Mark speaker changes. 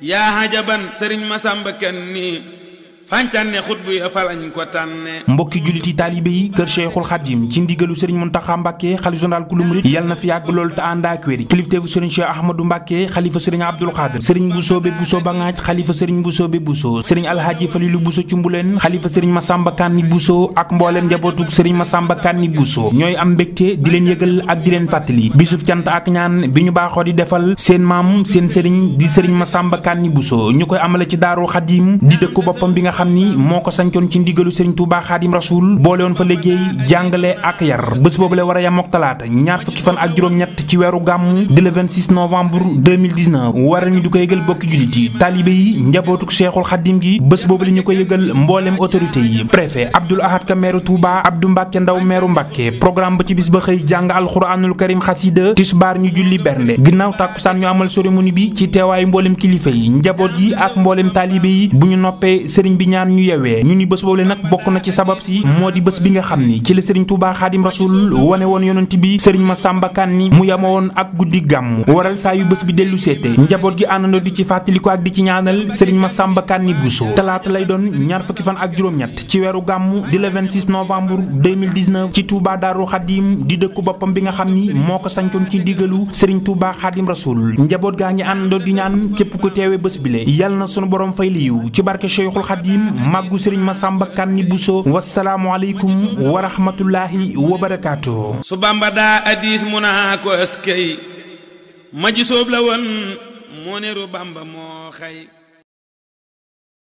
Speaker 1: yaa hajaban sëriñ Masamba Kanni
Speaker 2: mbokki julliti taalibe yi kër Cheikhul Khadim ci ndigalu sëriñ Muntaxa Mbàkke xalifa général ku murit yal na fi yàgg loolu te ànd ak wér kilifteefu sëriñ Cheikh Ahmadou Mbàkke xalifa sëriñ Abdul Xaadir sëriñ Busoobe Busoo Bangaaj xalifa sëriñ Busoobe Busoo sëriñ Alxaaji Falilu Busoo Cumbuleen xalifa sëriñ Masamba Kanni Busoo ak mbooleem njabootug sëriñ Masamba Kanni Busoo ñooy am mbégte di leen yëgal ak di leen fàttali bisub cant ak ñaan bi ñu baaxoo di defal seen maam seen sëriñ xam ni moo ko sancoon ci ndigalu Serigne Touba Xaadim Rasoul boole woon fa liggéey jàngale ak yar bés boobu la war a yam ak talaata ñaar fukki fan ak juróom-ñett ci weeru gàmmu di le 26 novembre di ko yëgal bokki jullit yi taalibe yi njabootuk Seexul Xaadim gi bés boobu la ñu ko yëgal mboolem autorité yi préfet Abdoul Ahad Ka meeru Touba Abdou Mbacke Ndaw meeru Mbacke programme ba ci bis ba xëy jàng alxuraanul karim xasida tisbaar ñu julli bernde ginnaaw tàkkusaan ñu amal cérémonie bi ci teewaayu mboolem ñaan ñu yewé ñu ni bëss boole nak bokku na ci sabab si modi bëss bi nga xamni ci le serigne Touba khadim Rasul woné won yonenti bi serigne ma sàmbakan ni mu yama woon ak guddi gam waral sa yu bëss bi delu sété njabot gi àndandoo di ci ko ak di ci ñaanal serigne ma sàmbakan ni buso talaata lay doon ñaar fukki fan ak juroom ñett ci wéru gam di le 26 novembre 2019 ci Touba daru khadim di dekk bopam bi nga xamni moko moo ci digalu serigne Touba khadim Rasul njabot gaa ngi di ñaan kep ko teewe bés bile yàlla na sunu borom fay liyu ci barké Cheikhul khadim xadim màggu sëriñ Masamba Kanni Bousso wasalaamu aleykum wa rahmatullahi wa barakaatu
Speaker 1: su bamba daa addis mu naa ko askay maji soob la woon moo neru bamba moo xay